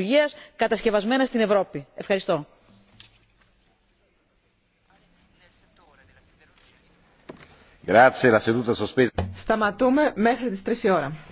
χαλιβουργίας κατασκευασμένα στην ευρώπη. ευχαριστώ. σταματούμε μέχρι τι τρει η ώρα.